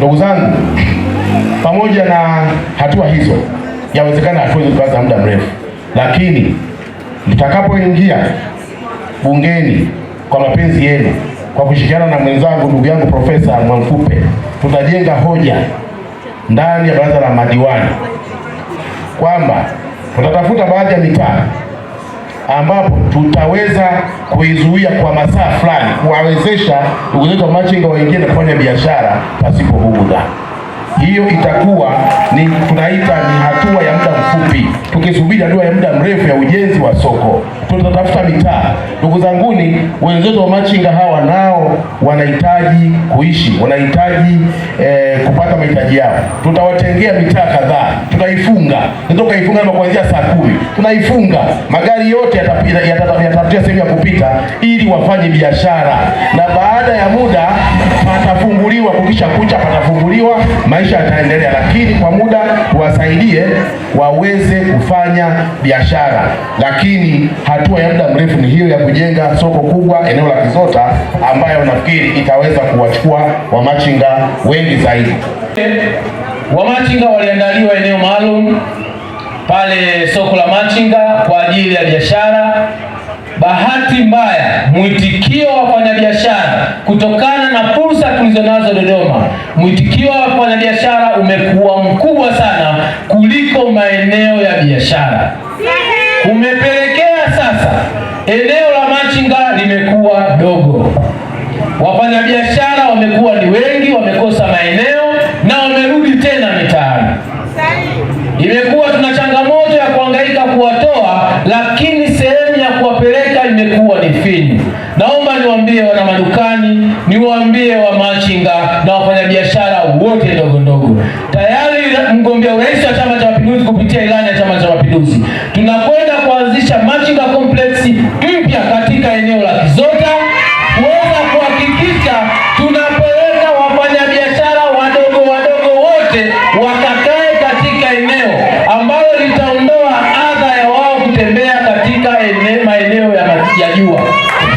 Ndugu zangu, pamoja na hatua hizo, yawezekana hatua hizo zikaanza muda mrefu, lakini mtakapoingia bungeni kwa mapenzi yenu, kwa kushirikiana na mwenzangu ndugu yangu Profesa Mwamfupe, tutajenga hoja ndani ya baraza la madiwani kwamba tutatafuta baadhi ya mitaa ambapo tutaweza kuizuia kwa masaa fulani, kuwawezesha ndugu zetu wamachinga waingie na kufanya biashara pasipo bughudha. Hiyo itakuwa ni tunaita ni hatua ya muda mfupi. Tukisubiri hatua ya muda mrefu ya ujenzi wa soko, tutatafuta mitaa. Ndugu zanguni, wenzetu wa machinga hawa nao wanahitaji kuishi, wanahitaji eh, mahitaji yao. Tutawatengea mitaa kadhaa, tutaifunga, tunaweza tukaifunga kuanzia saa kumi, tunaifunga magari yote yatapita, yata, sehemu ya kupita ili wafanye biashara, na baada ya muda patafunguliwa, kukisha kucha patafunguliwa, maisha yataendelea, lakini kwa muda tuwasaidie waweze kufanya biashara, lakini hatua ya muda mrefu ni hiyo ya kujenga soko kubwa eneo la Kizota ambayo nafikiri itaweza kuwachukua wamachinga wengi zaidi. Wamachinga waliandaliwa eneo maalum pale soko la machinga kwa ajili ya biashara. Bahati mbaya, mwitikio wa wafanyabiashara kutokana na fursa tulizonazo Dodoma, mwitikio wa wafanyabiashara umekuwa mkubwa sana kuliko maeneo ya biashara, kumepelekea sasa eneo la machinga limekuwa dogo, wafanyabiashara wamekuwa ni wengi, wamekosa lakini sehemu ya kuwapeleka imekuwa ni finyu. Naomba niwaambie wana madukani, niwaambie wa machinga na wafanyabiashara wote ndogo ndogo, tayari mgombea urais wa Chama cha Mapinduzi kupitia ilani ya Chama cha Mapinduzi tunakwenda kuanzisha machinga complex mpya katika eneo la Kizota kuweza kuhakikisha tunapeleka wafanyabiashara wadogo wadogo wote